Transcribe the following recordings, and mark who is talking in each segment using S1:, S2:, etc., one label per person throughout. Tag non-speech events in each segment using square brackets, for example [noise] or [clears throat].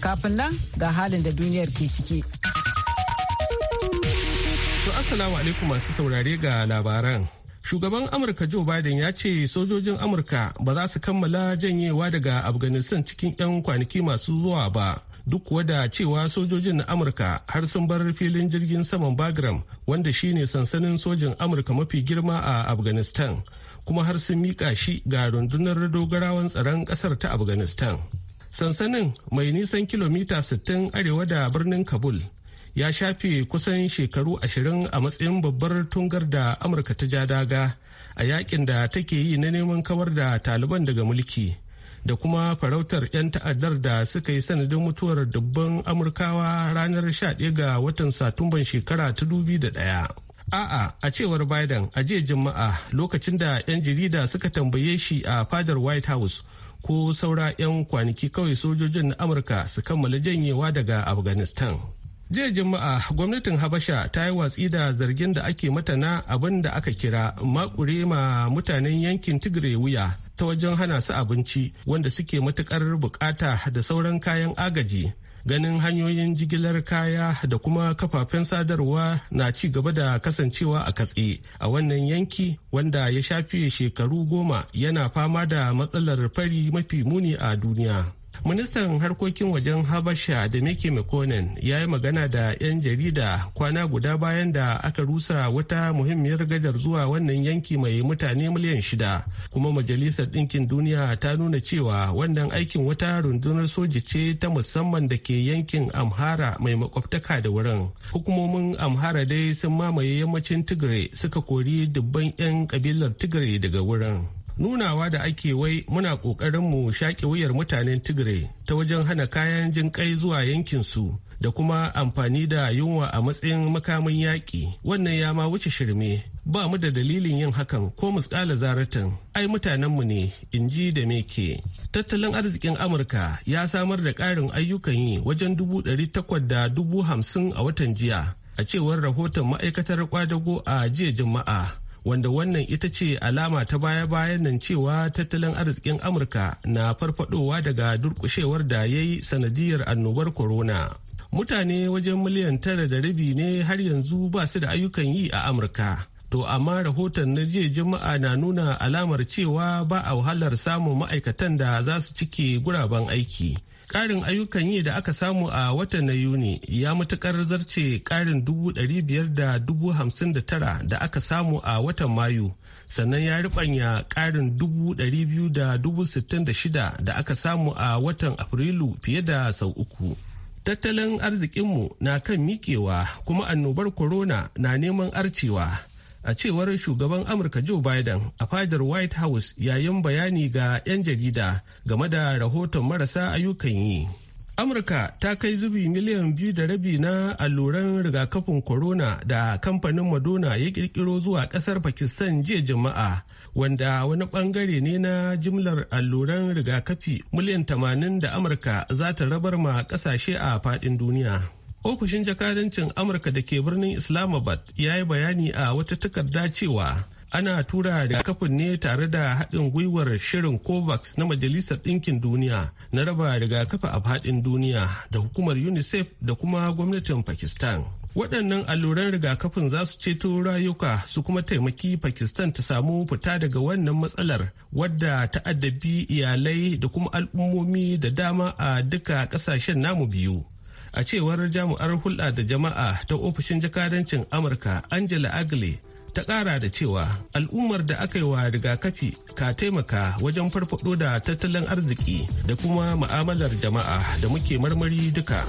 S1: Kafin nan ga halin da duniyar ke ciki.
S2: To Assalamu alaikum masu saurare ga labaran. Shugaban Amurka Joe Biden ya ce sojojin Amurka ba za su kammala janyewa daga Afghanistan cikin 'yan kwanaki masu zuwa ba. duk kuwa da cewa sojojin na amurka har sun bar filin jirgin saman bagram wanda shine sansanin sojin amurka mafi girma a afghanistan kuma har sun miƙa shi ga rundunar dogarawan tsaron kasar ta afghanistan sansanin mai nisan kilomita 60 arewa da birnin kabul ya shafe kusan shekaru ashirin a matsayin babbar tungar da amurka ta ja daga a yakin da take yi na neman kawar da taliban daga mulki da kuma farautar 'yan ta'addar da suka yi sanadin mutuwar dubban amurkawa ranar 11 ga watan satumban shekara ta da ɗaya. a'a a cewar biden a jiya juma'a lokacin da 'yan jarida suka tambaye shi a fadar white house ko saura 'yan kwanaki kawai sojojin na amurka su kammala janyewa daga afghanistan jiya juma'a gwamnatin habasha ta yi watsi da zargin da ake mata na abin da aka kira makure ma mutanen yankin tigre wuya ta wajen hana su abinci wanda suke matukar bukata da sauran kayan agaji ganin hanyoyin jigilar kaya da kuma kafafen sadarwa na ci gaba da kasancewa a katse a wannan yanki wanda ya shafi shekaru goma yana fama da matsalar fari mafi muni a duniya. ministan harkokin wajen habasha da mike mekonin ya yi magana da 'yan jarida kwana guda bayan da aka rusa wata muhimmiyar gadar zuwa wannan yanki mai mutane miliyan shida kuma majalisar ɗinkin duniya ta nuna cewa wannan aikin wata rundunar soji ce ta musamman da ke yankin amhara mai makwabtaka da wurin hukumomin amhara dai sun mamaye yammacin tigray suka kori dubban 'yan kabilar tigray daga wurin nunawa da ake wai muna ƙoƙarin mu shaƙe wuyar mutanen tigre ta wajen hana kayan jin kai zuwa yankinsu da kuma amfani da yunwa a matsayin makamin yaƙi wannan ya ma wuce shirme ba mu da dalilin yin hakan ko muskala zaratan ai mutanenmu ne in ji da meke tattalin arzikin amurka ya samar da ƙarin ayyukan yi wajen dubu ɗari takwas da dubu hamsin a watan jiya a cewar rahoton ma'aikatar kwadago a jiya juma'a wanda wannan ita ce alama ta baya-bayan nan cewa tattalin arzikin amurka na farfadowa daga durkushewar da ya yi sanadiyar annobar corona mutane wajen miliyan tara da rabi ne har yanzu ba su da ayyukan yi a amurka to amma rahoton na jiya juma'a na nuna alamar cewa ba a wahalar samun ma'aikatan da za su cike guraben aiki Ƙarin ayyukan yi da aka samu a watan na Yuni ya matuƙar zarce ƙarin dubu ɗari biyar da dubu hamsin da tara da aka samu a watan Mayu, sannan ya ribanya ƙarin dubu ɗari biyu da dubu sittin da shida da aka samu a watan Afrilu fiye da sau uku. Tattalin arzikinmu na kan miƙewa kuma annobar corona na neman arcewa. a cewar shugaban amurka joe biden a fadar white house yayin bayani ga 'yan jarida game da rahoton marasa ayyukan yi amurka ta kai zubi miliyan biyu da rabi na alluran rigakafin corona da kamfanin Madona ya kirkiro zuwa kasar pakistan jiya jama'a wanda wani bangare ne na jimlar alluran rigakafi miliyan tamanin da amurka za ta rabar ma kasashe a fadin duniya ofishin jakadancin amurka da ke birnin islamabad ya yi bayani a wata takarda cewa ana tura rigakafin ne tare da haɗin gwiwar shirin covax na majalisar ɗinkin duniya na raba rigakafi a haɗin duniya da hukumar unicef da kuma gwamnatin pakistan waɗannan alluran rigakafin za su ceto rayuka su kuma taimaki pakistan ta samu fita daga wannan matsalar wadda ta ta'addabi iyalai da kuma al'ummomi da dama a duka ƙasashen namu biyu a cewar jami'ar hulɗa da jama'a ta ofishin jakadancin amurka angela agle ta ƙara da cewa al'ummar da aka yi wa rigakafi ka taimaka wajen farfaɗo da tattalin arziki da kuma ma'amalar jama'a da muke marmari duka.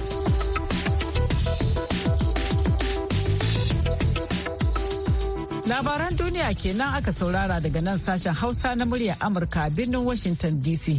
S1: Labaran duniya kenan aka saurara daga nan sashen Hausa na muryar Amurka birnin Washington DC.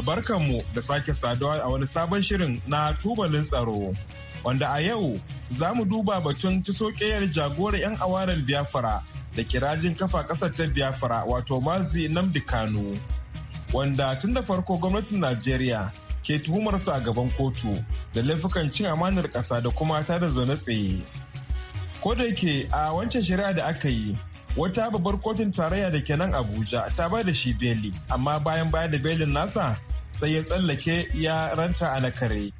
S3: barkanmu da sake saduwa a wani sabon shirin na tubalin tsaro. Wanda a yau za mu duba batun kisokeyar jagorar 'yan awarar Biafra da kirajin kafa ƙasar ta Biafra wato Mazi Nnamdi Kanu. Wanda tun da farko gwamnatin Najeriya ke tuhumarsa a gaban kotu da laifukan cin amanar ƙasa da kuma ta da zaune tsaye. Ko da yake a wancan shari'a da aka yi wata babbar kotun tarayya da ke nan abuja ta ba da shi beli amma bayan bayar da belin nasa sai ya tsallake ya ranta a na kare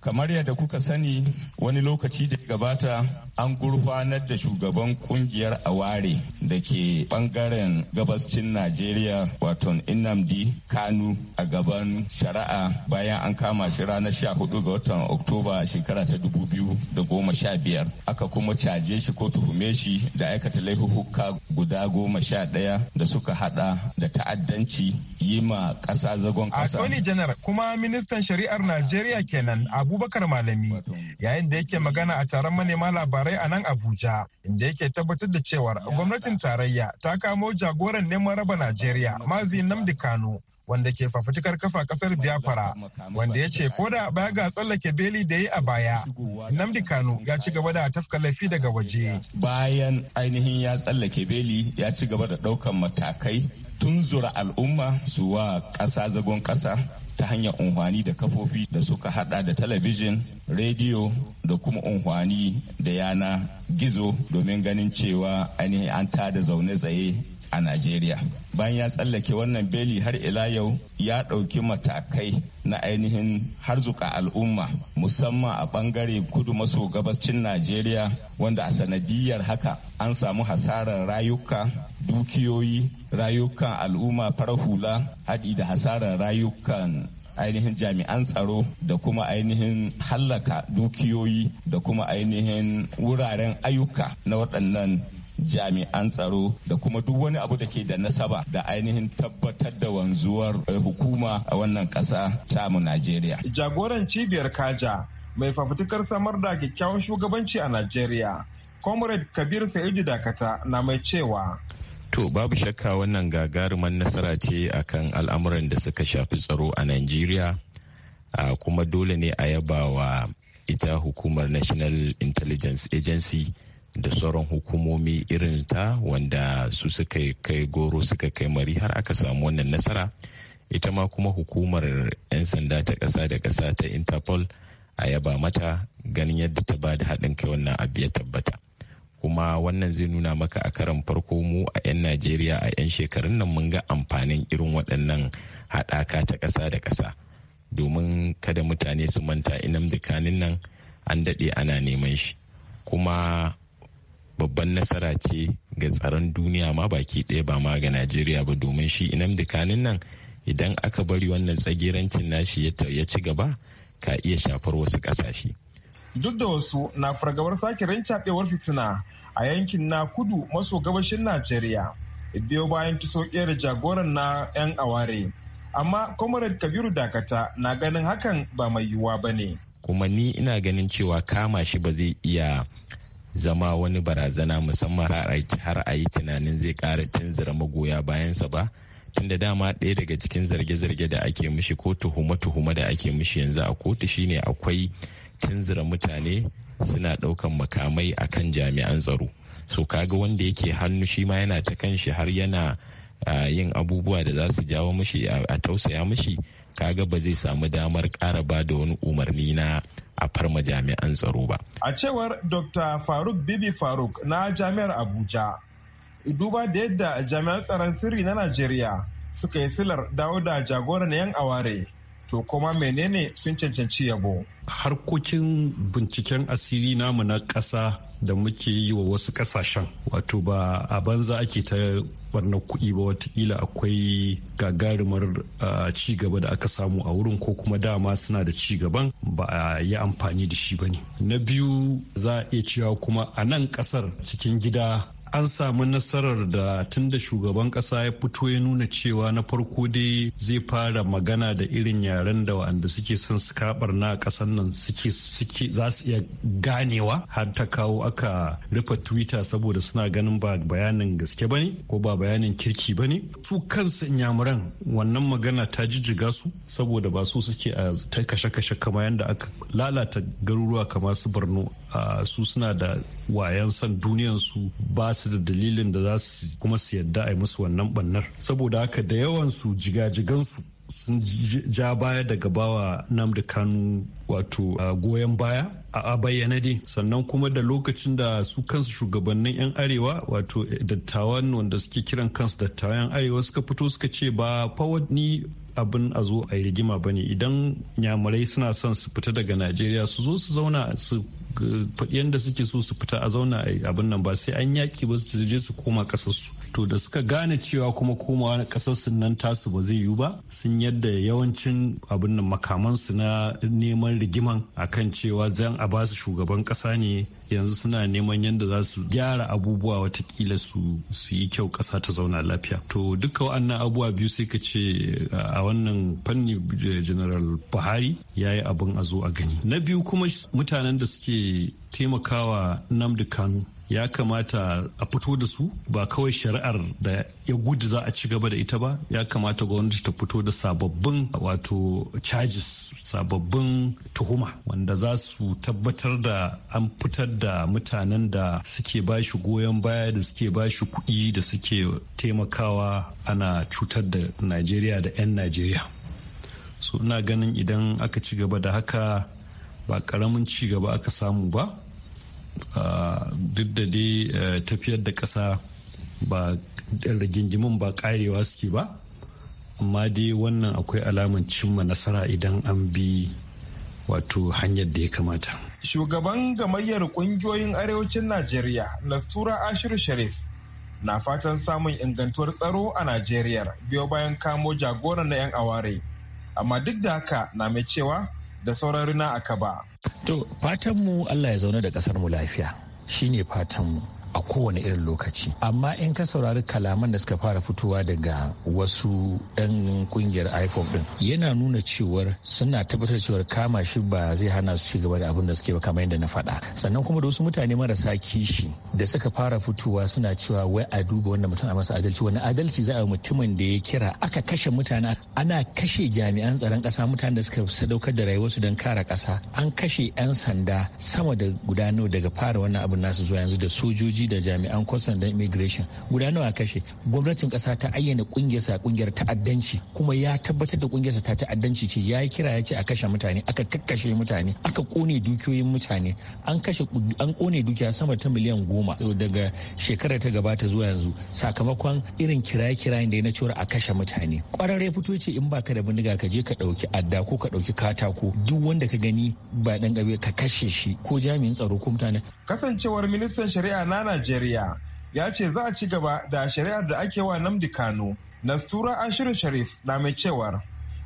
S4: kamar yadda kuka sani wani lokaci da gabata an gurfanar da shugaban kungiyar aware da ke bangaren gabascin najeriya wato inamdi kanu a gaban shari'a bayan an kama shi ranar 14 ga watan oktoba shekara ta 2015 aka kuma caje shi ko tuhume shi da aikata laifuka guda goma sha daya da suka hada da ta'addanci yi ma kasa zagon kasa. Attorney
S3: General kuma ministan shari'ar Najeriya kenan Abubakar Malami yayin da yake magana a taron manema labarai labarai a nan Abuja inda yake tabbatar da cewar gwamnatin tarayya ta kamo jagoran neman raba Najeriya Mazi Namdi Kano wanda ke fafutukar kafa kasar Biafra wanda ya ce koda baya ga tsallake beli da yi a baya Namdi Kano ya ci gaba da tafka laifi daga waje
S4: bayan ainihin ya tsallake beli ya ci gaba da daukan matakai tunzura al'umma su wa ƙasa zagon ƙasa ta hanyar unhwani da kafofi da suka hada da talabijin rediyo da kuma unhwani da yana gizo domin ganin cewa ainihin an tada zaune tsaye a Najeriya. Bayan ya tsallake wannan beli har ila yau ya ɗauki matakai na ainihin harzuka al'umma musamman a ɓangare kudu maso gabascin Najeriya wanda a sanadiyar haka an samu hasarar rayuka, dukiyoyi, rayukan al'umma farar hula haɗi da hasarar rayukan ainihin jami'an tsaro da kuma ainihin hallaka dukiyoyi da kuma ainihin wuraren ayyuka na waɗannan jami'an tsaro da kuma duk wani abu da ke da nasaba da ainihin tabbatar da wanzuwar eh, hukuma a wannan kasa ta mu Najeriya.
S3: Jagoran cibiyar Kaja mai fafutukar samar da kyakkyawan shugabanci a Najeriya, Comrade Kabir Sa'idu Dakata na mai cewa
S5: To babu shakka wannan gagarumar nasara ce akan al'amuran da suka shafi tsaro a Najeriya kuma dole ne a yaba wa ita hukumar National Intelligence Agency da sauran hukumomi irin ta wanda su suka kai goro suka kai mari har aka samu wannan nasara ita ma kuma hukumar 'yan sanda ta ƙasa da ƙasa ta interpol a yaba mata ganin yadda ta ba da haɗin kai wannan abu ya tabbata kuma wannan zai nuna maka a karan farko mu a 'yan najeriya a 'yan shekarun nan mun ga amfanin irin waɗannan haɗaka ta ƙasa da ƙasa domin kada mutane su manta inam da kanin nan an daɗe ana neman shi kuma babban nasara ce ga tsaron duniya ma baki ɗaya ba ma ga najeriya ba domin shi inam dukanin nan idan aka bari wannan tsagirancin nashi ya ci gaba ka iya shafar wasu ƙasashe
S3: duk da wasu na fargabar sake rancaɓewar fitina a yankin na kudu maso gabashin najeriya biyo bayan kiso da jagoran na 'yan aware amma comrade kabiru dakata na ganin hakan ba mai yiwuwa ba ne
S5: kuma ni ina ganin cewa kama shi ba zai iya zama wani barazana musamman har a yi tunanin zai kara tunzura magoya bayansa ba tunda dama ɗaya daga cikin zarge-zarge da ake mishi ko tuhuma-tuhuma da ake mishi yanzu a kotu shine akwai tunzura mutane suna ɗaukan makamai a kan jami'an tsaro so kaga wanda yake hannu shi ma yana ta kan shi har yana yin abubuwa da za su jawo mishi a tausaya mishi kaga ba zai samu damar ƙara ba da wani umarni na a farma jami'an tsaro ba.
S3: A cewar Dr. Faruk Bibi Faruk na Jami'ar Abuja, duba da yadda jami'an tsaron sirri na Najeriya suka yi silar dawo da jagoran 'yan aware. to kuma menene sun cancanci yabo
S6: harkokin binciken asiri namu na ƙasa da muke yi wa wasu ƙasashen wato ba a banza ake ta barna kuɗi ba watakila akwai gagarumar ci gaba da aka samu a wurin ko kuma dama suna da ci gaban ba a yi amfani da shi ba ne na biyu za a iya cewa kuma a nan ƙasar cikin gida an samu nasarar da tun da shugaban kasa ya fito ya nuna cewa na farko dai zai fara magana da irin yaren da wanda suke son su kabar na kasan nan suke suke za su iya ganewa har ta kawo aka rufe twitter saboda suna ganin ba bayanin gaske bane ko ba bayanin kirki bane su kansu inyamuran wannan magana ta jijjiga su saboda ba su suke a ta kashe-kashe kama yadda aka lalata garuruwa kamar su borno su suna da wayan san duniyansu ba su da dalilin da za su kuma su yadda a yi musu wannan bannar saboda haka da yawan su jigajigansu sun ja baya daga bawa da Kanu wato goyon baya a bayyana dai sannan kuma da lokacin da su kansu shugabannin 'yan arewa wato eh, dattawan wanda suke kiran kansu dattawan 'yan arewa suka fito suka ce ba fawad ni abin a zo a yi rigima ba ne idan nyamurai suna son su fita daga najeriya su zo su zauna su faɗi yadda suke so su fita a zauna a abin nan ba sai an yaki ba su je su koma ƙasarsu to da suka gane cewa kuma komawa kasar nan tasu ba zai yiwu ba sun yadda yawancin abin nan makamansu na neman rigiman akan cewa zan a basu shugaban kasa ne yanzu suna neman yadda za su gyara abubuwa watakila su yi kyau kasa ta zauna lafiya to duka wa'annan abubuwa biyu sai ka ce a wannan fanni eh, general buhari ya yi abin a zo a gani na biyu kuma mutanen da suke taimakawa namdi kanu ya kamata a fito da su ba kawai shari'ar da ya gudu za a ci gaba da ita ba ya kamata gwamnati ta fito da sababbin wato charges sababbin tuhuma wanda za su tabbatar da an fitar da mutanen da suke ba shi goyon baya da suke ba shi kuɗi da suke taimakawa ana cutar da najeriya da 'yan najeriya so ina ganin idan aka ci gaba da haka ba ƙaramin ci gaba aka samu ba duk da dai tafiyar da ƙasa ba rigingimin ba ƙarewa suke ba amma dai wannan akwai alaman cimma nasara idan an bi wato hanyar da ya kamata shugaban gamayyar ƙungiyoyin arewacin najeriya nastura
S3: ashir sharif na fatan samun ingantuwar tsaro a Najeriya biyo bayan kamo jagoran na 'yan aware. Amma duk da haka na mai cewa da sauran rina aka ba.
S7: To fatanmu Allah ya zaune da ƙasar mu lafiya shine fatanmu. a kowane irin lokaci amma in ka saurari kalaman da suka fara fitowa daga wasu 'yan kungiyar iPhone din yana nuna cewar suna tabbatar cewar kama shi ba zai hana su gaba da abin da suke ba kamar yadda na faɗa sannan kuma da wasu mutane marasa kishi da suka fara fitowa suna cewa wai a duba wannan mutum a masa adalci wani adalci za a mutumin da ya kira aka kashe mutane ana kashe jami'an tsaron ƙasa mutanen da suka sadaukar da rayuwarsu don kare ƙasa an kashe 'yan sanda sama da gudanar daga fara wannan abin nasu zuwa yanzu da sojoji sojoji da jami'an kwasan da immigration guda nawa kashe gwamnatin kasa ta ayyana sa kungiyar ta'addanci kuma ya tabbatar da kungiyarsa ta ta'addanci ce ya kira ya ce a kashe mutane aka kakkashe mutane aka kone dukiyoyin mutane an kashe an kone dukiya sama ta miliyan goma daga shekarar ta gabata zuwa yanzu sakamakon irin kiraye kiraye da na cewa a kashe mutane kwararre fito ce in baka da bindiga ka je ka dauki adda ko ka dauki katako duk wanda ka gani ba
S3: dan gabe ka kashe shi ko jami'in tsaro ko mutane kasancewar ministan shari'a nana Najeriya ya ce za a ci gaba da shari'ar da ake wa Namdi Kano. Nastura Ashiru Sharif na mai cewar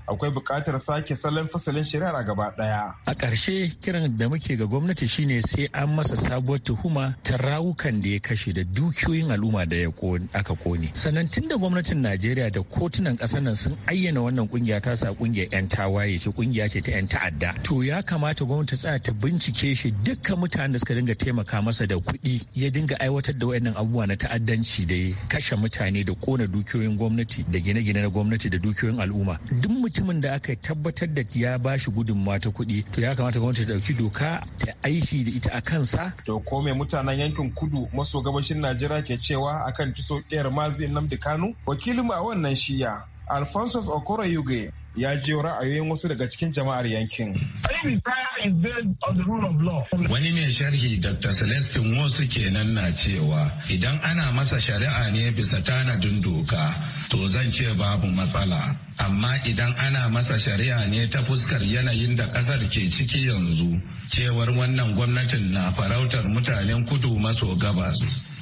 S3: akwai buƙatar sake salon fasalin shari'ar gaba ɗaya.
S7: A ƙarshe kiran da muke ga gwamnati shine sai an masa sabuwar tuhuma ta rawukan da ya kashe da dukiyoyin al'umma da ya aka kone. Sannan tun da gwamnatin Najeriya da kotunan ƙasar nan sun ayyana wannan kungiya ta sa kungiyar 'yan tawaye ce kungiya ce ta 'yan ta'adda. To ya kamata gwamnati tsaya ta bincike shi dukkan mutanen da suka dinga taimaka masa da kuɗi ya dinga aiwatar da wayannan abubuwa na ta'addanci da ya kashe mutane da kona dukiyoyin gwamnati da gine-gine na gwamnati da dukiyoyin al'umma. Duk mutumin da aka tabbatar da ya ba shi gudunmawa ta kuɗi to ya kamata gwamnati
S3: ta ɗauki doka ta aiki da ita a kansa. To ko mai mutanen yankin kudu maso gabashin Najeriya ke cewa akan tuso ƙiyar mazi namdi Kanu? Wakilin a wannan shiya Alphonsus Okoro Yuge ya jiyo ra'ayoyin wasu daga cikin jama'ar yankin.
S8: Wani mai sharhi Dr. Celestin Wosu kenan na cewa idan ana masa shari'a ne bisa tanadin doka to zan ce babu matsala. Amma idan ana masa shari'a ne ta fuskar yanayin da ƙasar ke ciki yanzu, cewar wannan gwamnatin na farautar mutanen kudu maso gabas.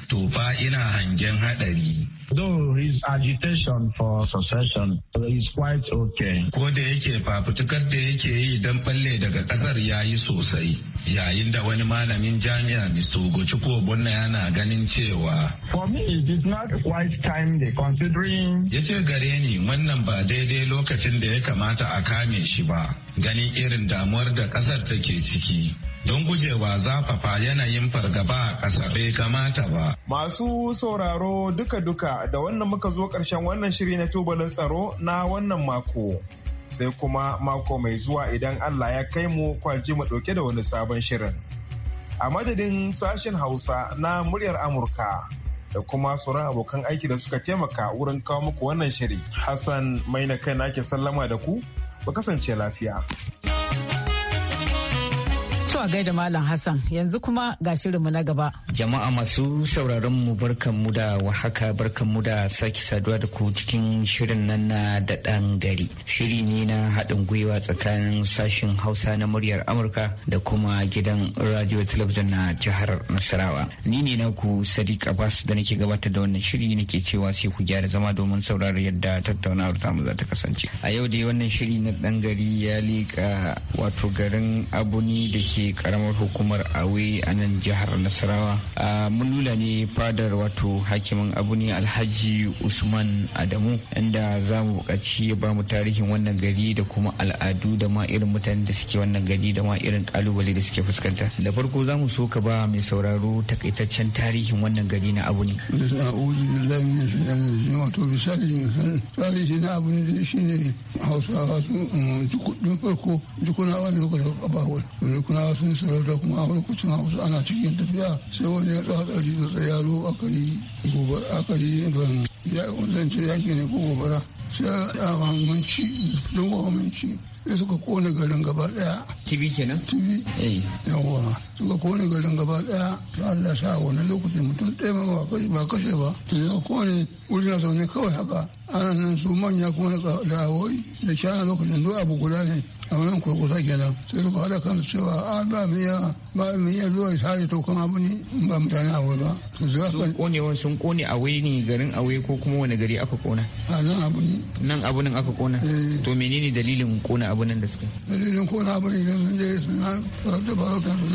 S8: To fa ina hangen haɗari. Though his agitation for succession is quite okay. Ko da yake fafutukar da yake yi don balle daga kasar ya yi sosai yayin da wani malamin jami'a Mr. Ugochukwu Ogbonna yana ganin cewa. For me it is not quite timely considering. Ya ce gare ni wannan ba daidai lokacin da ya kamata a kame shi ba. ganin irin damuwar da kasar take ciki don gujewa zafafa yanayin fargaba a kasar bai kamata ba.
S3: Masu sauraro duka-duka da wannan muka zo ƙarshen wannan shiri na tubalin tsaro na wannan mako. Sai kuma mako mai zuwa idan Allah ya kai mu kwanji mu ɗauke da wani sabon shirin. A madadin sashen Hausa na muryar Amurka da kuma sauran abokan aiki da suka taimaka wurin kawo muku wannan shiri. Hassan maina kai nake sallama da ku. Ku kasance lafiya.
S1: a gaida Malam Hassan yanzu kuma ga shirinmu na gaba. Jama'a masu sauraron
S9: mu mu da wahaka mu da sake saduwa da ku cikin shirin nan na da ɗan gari. Shiri ne na haɗin gwiwa tsakanin sashen Hausa na muryar Amurka da kuma gidan radio talabijin na jihar Nasarawa. Ni ne na ku Sadiq Abbas da nake gabatar da wannan shiri nake cewa sai ku gyara zama domin saurara yadda tattaunawar tamu za ta kasance. A yau dai wannan shiri na ɗan gari ya liƙa wato garin abu Abuni da ke karamar hukumar awe a nan jihar nasarawa mun lula ne fadar wato hakimin abu ne alhaji usman adamu inda za mu bukaci ya ba mu tarihin wannan gari da kuma al'adu da ma irin mutanen da suke wannan gari da ma irin kalubale da suke fuskanta da farko za mu so ka ba mai sauraro takaitaccen tarihin wannan gari na
S10: abu ne tarihi hausawa su dukkan farko dukkan wani lokacin ba wani dukkan sun sarauta kuma a lokacin hausa ana cikin tafiya sai wani ya tsawa tsari da tsayaro aka yi gobara aka yi ban ya zance yaki ne ko gobara sai a hanganci don gwamnanci sai suka kone garin gaba daya tibi kenan tibi yawa suka kone garin gaba daya ta Allah sa wani lokaci mutum ɗaya ma ba kashe ba to ya kone wuri na zaune kawai haka ana nan su manya kuma da awoyi da shana lokacin duk abu guda ne a wannan kurkusa kenan sai suka haɗa kan cewa a ba mu iya ba mu iya zuwa sare to kan abu ne ba mutane a wani ba. sun
S9: kone wani sun kone a wani ne garin a wani ko kuma wani gari aka kona.
S10: a nan abu ne.
S9: nan abu nan aka kona. Eh. to menene dalilin kona abu nan da suka.
S10: dalilin kona abu ne idan sun je suna farauta farauta su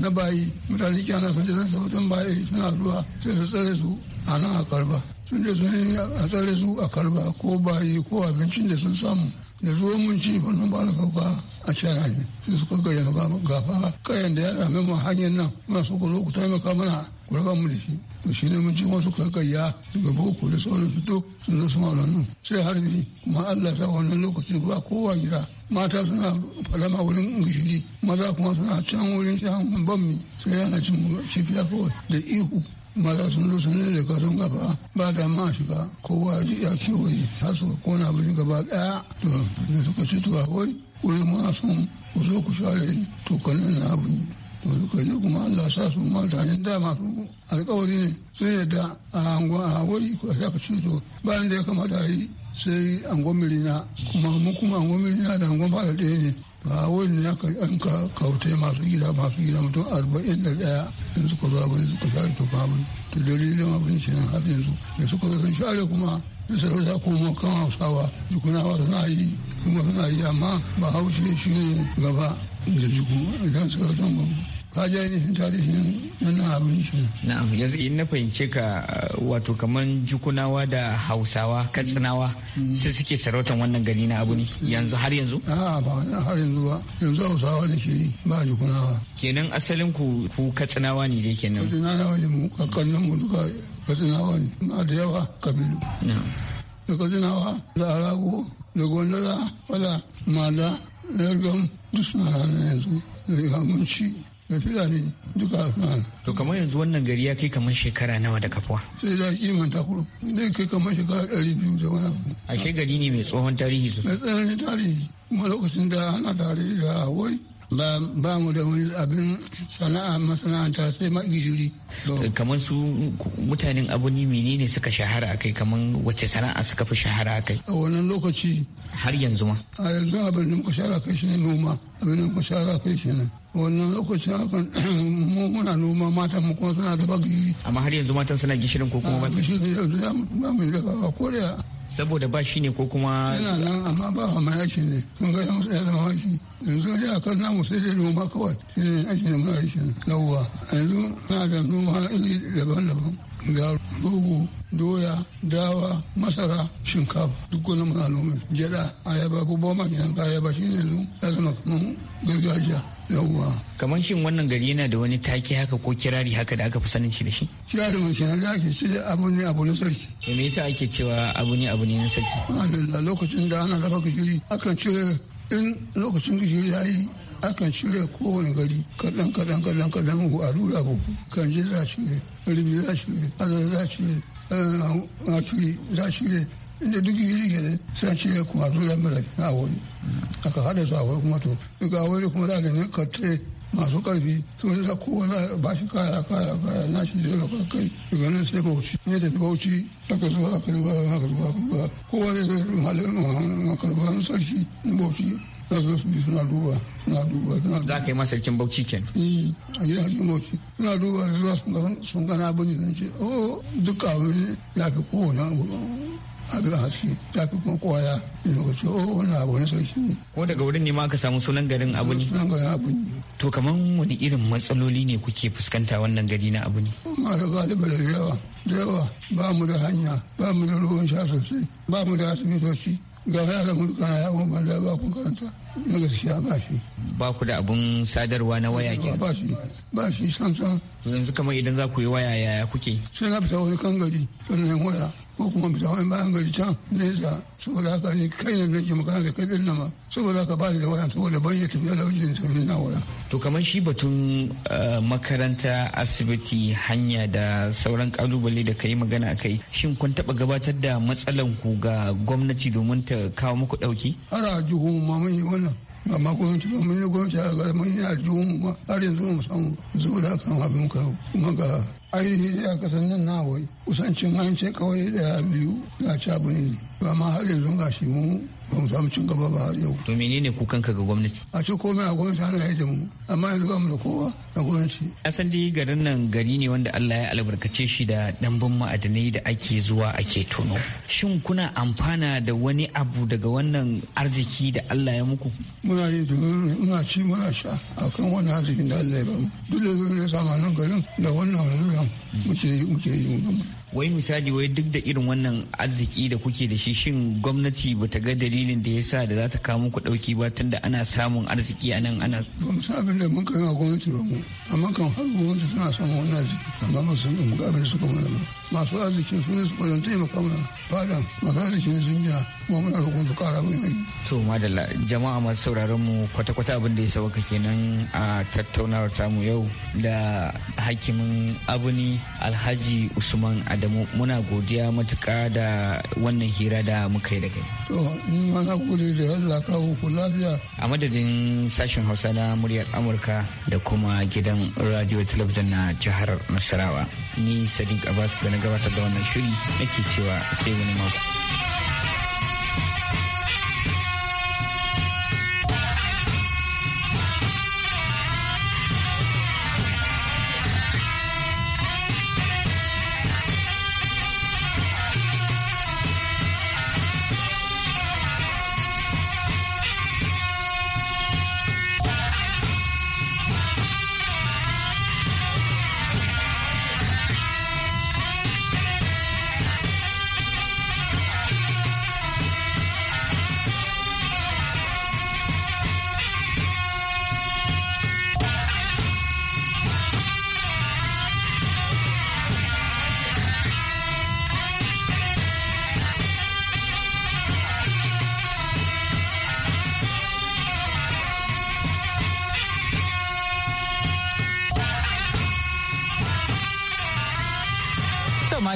S10: na bayi mutane ana sun je sun sautan bayi suna zuwa sai su tsare su a nan a karba. sun je sun yi a tsare su a karba ko bayi ko abincin da sun samu da zuwan mun ci wannan ba da kauka a shara ne sai suka gayyana gafa kayan da ya zama mu hanyar nan muna so ku ku taimaka mana ku raba mu da shi to shi ne mun ci wasu kakayya daga boko da sauran su duk sun zo su sai har ni kuma Allah ta wannan lokaci ba kowa gida mata suna falama wurin gishiri maza kuma suna can wurin shan bammi sai yana cin kifiya kawai da ihu maza sun zo ne da sun gaba ba da ma shiga kowa ya kewaye har suka kona abin gaba daya to da suka ci tuwa wai wai muna sun ku zo ku share tukanin na abu to suka je kuma Allah sa su mutane dama su alkawari ne sun yadda a angon a wai ku shaka ci to bayan da ya kamata a yi sai angon mirina kuma mu kuma angon mirina da angon fara ɗaya ne a wani ya kai an ka kautai masu gida masu gida mutum arba'in da daya in suka zo abin suka share to kamun to dalilin abin shi ne har yanzu da suka zo sun share kuma da sarauta kan hausawa dukunawa suna yi kuma suna yi amma ba haushe shi ne gaba da jiku idan sarautan ba ka je tarihin wannan abin shi
S9: na'am yanzu in na fahimce ka wato kaman jukunawa da hausawa katsinawa mm. su suke sarautan wannan gari na abu ne yanzu har yanzu
S10: ba har yanzu ba yanzu hausawa da ke ba jukunawa
S9: kenan asalin ku ku katsinawa ne dai kenan
S10: katsinawa ne mu kakannin mu duka katsinawa ne Ma da yawa kabilu da katsinawa da arago da gondola wala mada da yargam duk suna ranar yanzu da rigamunci da filani duka suna
S9: to kamar yanzu wannan gari ya kai kamar shekara nawa da kafuwa
S10: sai da kimanta kurum zai kai kamar shekara ɗari biyu da wani abu
S9: ashe gari ne mai tsohon tarihi sosai mai
S10: tsananin tarihi kuma lokacin da ana tare da wai ba mu da wani abin sana'a masana'anta sai ma gishiri. kamar su
S9: mutanen abuni menene suka shahara akai kamar wacce sana'a suka fi shahara akai
S10: a wannan lokaci
S9: har yanzu ma
S10: a yanzu abin da muka shahara kai shine noma abin da muka shahara kai shine wannan lokacin hakan [clears throat] mu muna noma matan mu kuma suna da bagiri
S9: amma har yanzu matan suna
S10: gishirin ko kuma ba gishiri ba mu da ko da saboda ba shi ne ko kuma yana nan amma ba a mai aiki ne mun ga musu ya zama aiki yanzu ya kan namu sai dai noma kawai shi ne aiki ne muna aiki ne yawwa yanzu na da noma iri daban-daban ga rogo doya dawa masara shinkafa duk wani muna noma gyada ayaba ko boma kenan ka ayaba shi ne yanzu ya zama kamar gargajiya yawwa
S9: kamar shin wannan gari yana da wani take haka ko kirari haka da aka fi sanin shi da shi
S10: kirarin shi na
S9: ake ce abu ne abu na sarki me yasa ake cewa abu ne abu ne na sarki
S10: alhamdulillah lokacin da ana dafa gishiri akan cire in lokacin gishiri ya yi akan cire kowane gari kaɗan kaɗan kaɗan kaɗan a rura ko kan je za ne rimi za ne azar za eh, cire za za ne inda duk yi ke ne sai ce ya kuma zuwa mara na wani aka hada su a wani kuma to duk a wani kuma za ka ne kartre masu karfi su ne da kowane ba shi kaya kaya kaya na shi zai rafa kai daga nan sai bauchi ne da ta ka zuwa aka ba aka zuwa ba kowa ne zai halin makarban sarki na bauchi za su bi suna duba suna duba suna duba
S9: za ka yi masa sarkin bauchi ken
S10: eh a yi sarkin bauchi suna duba zuwa sun gana abin da ce oh duk abin ya fi kowane abu haske ta fi kuma kwaya ya zo ce o wani abu ne sarki ne.
S9: ko daga wurin ne ma aka samu sunan garin abu ne. sunan garin abu ne. to kamar wani irin matsaloli ne kuke fuskanta wannan gari na abu ne.
S10: ma da galiba da yawa da yawa ba mu da hanya ba mu da ruwan sha sosai ba mu da asibitoci ga yaran mu kana yawon banza ba kun karanta. na gaskiya ba shi
S9: ba ku da abun sadarwa na waya ke ba shi ba shi samsan yanzu kamar idan za ku yi waya yaya kuke
S10: sai na fita wani kan gari sannan waya ko kuma fita wani bayan gari can nesa saboda haka ne kai ne nake magana da kai din nama saboda haka ba da waya saboda bai ya tafiya da wajen sauri na waya to kamar
S9: shi batun eh, makaranta asibiti hanya da sauran kalubale da ka yi magana kai shin kun taba gabatar da matsalan ku ga gwamnati domin ta kawo muku dauki
S10: har a jihu mamaye wannan ba ma gwamnati ba gwamnati a gara mun yi a ba har yanzu mu samu zo da kan abin ka kuma ga Ainihin da aka san nan nawai kusancin an ce kawai da biyu da ci abu ne ba ma har yanzu ga shi mu ba mu samu cin gaba ba har yau.
S9: To menene kukan ka ga gwamnati?
S10: A ce komai a gwamnati har da mu amma yanzu ba mu da kowa a gwamnati.
S9: Asan dai garin nan gari ne wanda Allah ya albarkace shi da ɗanbin ma'adanai da ake zuwa ake tono. Shin kuna amfana da wani abu daga wannan arziki da Allah ya muku?
S10: Muna yi domin muna ci muna sha a kan wani arzikin da Allah ya bamu. Duk da zuwa ya samu nan garin da wannan wani muke yi muke yi mu
S9: wai misali wai duk da irin wannan arziki da kuke da shi shin gwamnati ba ta ga dalilin da ya sa da za ta kawo muku dauki ba tunda ana samun arziki a nan ana
S10: ba mu san abin da mun kai ga gwamnati ba mu amma kan har gwamnati suna samun wannan arziki amma ba mu san abin da suka mana ba masu arzikin su su koyon taimaka mana fada masu arzikin sun gina kuma muna roƙon su ƙara mai mai.
S9: to madalla jama'a masu sauraron mu kwata-kwata abin da ya sauka kenan a tattaunawar tamu yau da hakimin abuni alhaji usman adamu muna godiya matuƙa da wannan hira da muka yi da kai.
S10: to ni ma na gode da Allah kawo ku lafiya.
S9: a madadin sashen hausa na muryar amurka da kuma gidan radio talabijin na jihar nasarawa ni sadiq abbas da na na gabatar da wannan shiri nake cewa sai wani mako.